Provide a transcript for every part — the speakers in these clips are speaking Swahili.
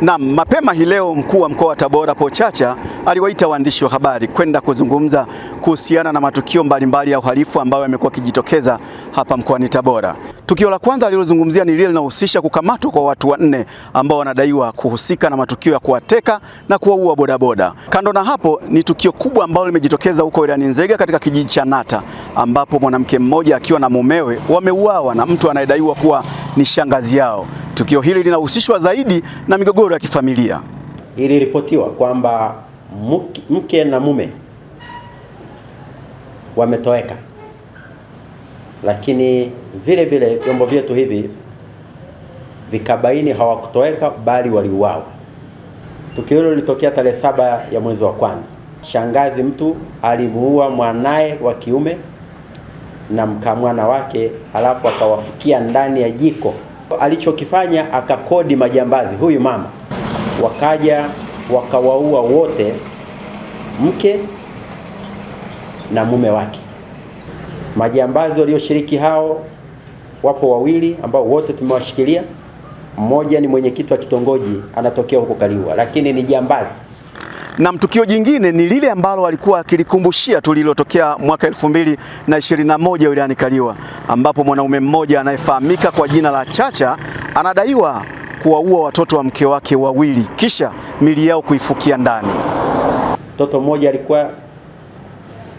Naam, mapema hii leo mkuu wa mkoa wa Tabora Paul Chacha aliwaita waandishi wa habari kwenda kuzungumza kuhusiana na matukio mbalimbali ya uhalifu ambayo yamekuwa kijitokeza hapa mkoani Tabora. Tukio la kwanza alilozungumzia ni lile linalohusisha kukamatwa kwa watu wanne ambao wanadaiwa kuhusika na matukio ya kuwateka na kuwaua bodaboda. Kando na hapo, ni tukio kubwa ambalo limejitokeza huko wilayani Nzega katika kijiji cha Nata ambapo mwanamke mmoja akiwa na mumewe wameuawa na mtu anayedaiwa kuwa ni shangazi yao Tukio hili linahusishwa zaidi na migogoro ya kifamilia. Iliripotiwa kwamba mke na mume wametoweka, lakini vile vile vyombo vyetu hivi vikabaini hawakutoweka bali waliuawa. Tukio hilo lilitokea tarehe saba ya mwezi wa kwanza. Shangazi mtu alimuua mwanaye wa kiume na mkamwana wake, halafu akawafukia ndani ya jiko. Alichokifanya akakodi majambazi, huyu mama, wakaja wakawaua wote, mke na mume wake. Majambazi walioshiriki hao wapo wawili ambao wote tumewashikilia. Mmoja ni mwenyekiti wa kitongoji anatokea huko Kaliua, lakini ni jambazi na mtukio jingine ni lile ambalo alikuwa akilikumbushia tu lililotokea mwaka 2021 wilayani Kaliua, ambapo mwanaume mmoja anayefahamika kwa jina la Chacha anadaiwa kuwaua watoto wa mke wake wawili kisha mili yao kuifukia ndani. Mtoto mmoja alikuwa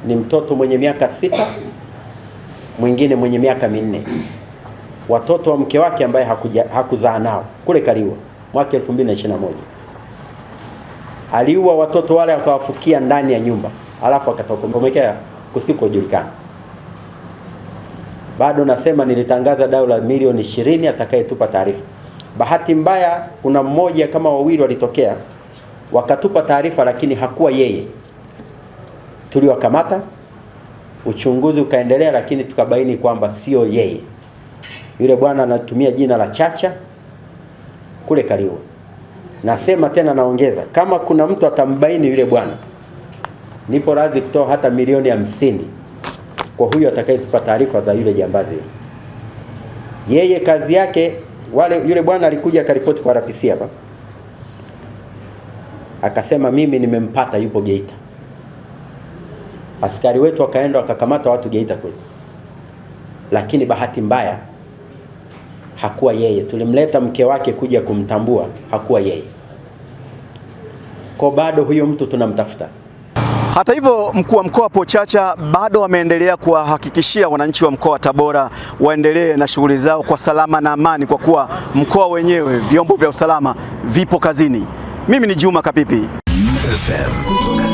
ni mtoto mwenye miaka sita, mwingine mwenye miaka minne, watoto wa mke wake ambaye hakuzaa nao kule Kaliua mwaka 2021 aliua watoto wale akawafukia ndani ya nyumba, alafu akatokomekea kusikojulikana. Bado nasema nilitangaza dau la milioni ishirini atakayetupa taarifa. Bahati mbaya, kuna mmoja kama wawili walitokea wakatupa taarifa, lakini hakuwa yeye. Tuliwakamata, uchunguzi ukaendelea, lakini tukabaini kwamba sio yeye. Yule bwana anatumia jina la Chacha kule Kaliua. Nasema tena naongeza, kama kuna mtu atambaini yule bwana, nipo radhi kutoa hata milioni hamsini kwa huyo atakayetupa taarifa za yule jambazi. Yeye kazi yake wale, yule bwana alikuja akaripoti kwa RPC hapa, akasema mimi nimempata, yupo Geita. Askari wetu wakaenda wakakamata watu Geita kule, lakini bahati mbaya hakuwa yeye. Tulimleta mke wake kuja kumtambua, hakuwa yeye. Kwa bado huyo mtu tunamtafuta. Hata hivyo mkuu wa mkoa Pochacha bado ameendelea kuwahakikishia wananchi wa mkoa wa Tabora waendelee na shughuli zao kwa salama na amani, kwa kuwa mkoa wenyewe vyombo vya usalama vipo kazini. Mimi ni Juma Kapipi FM.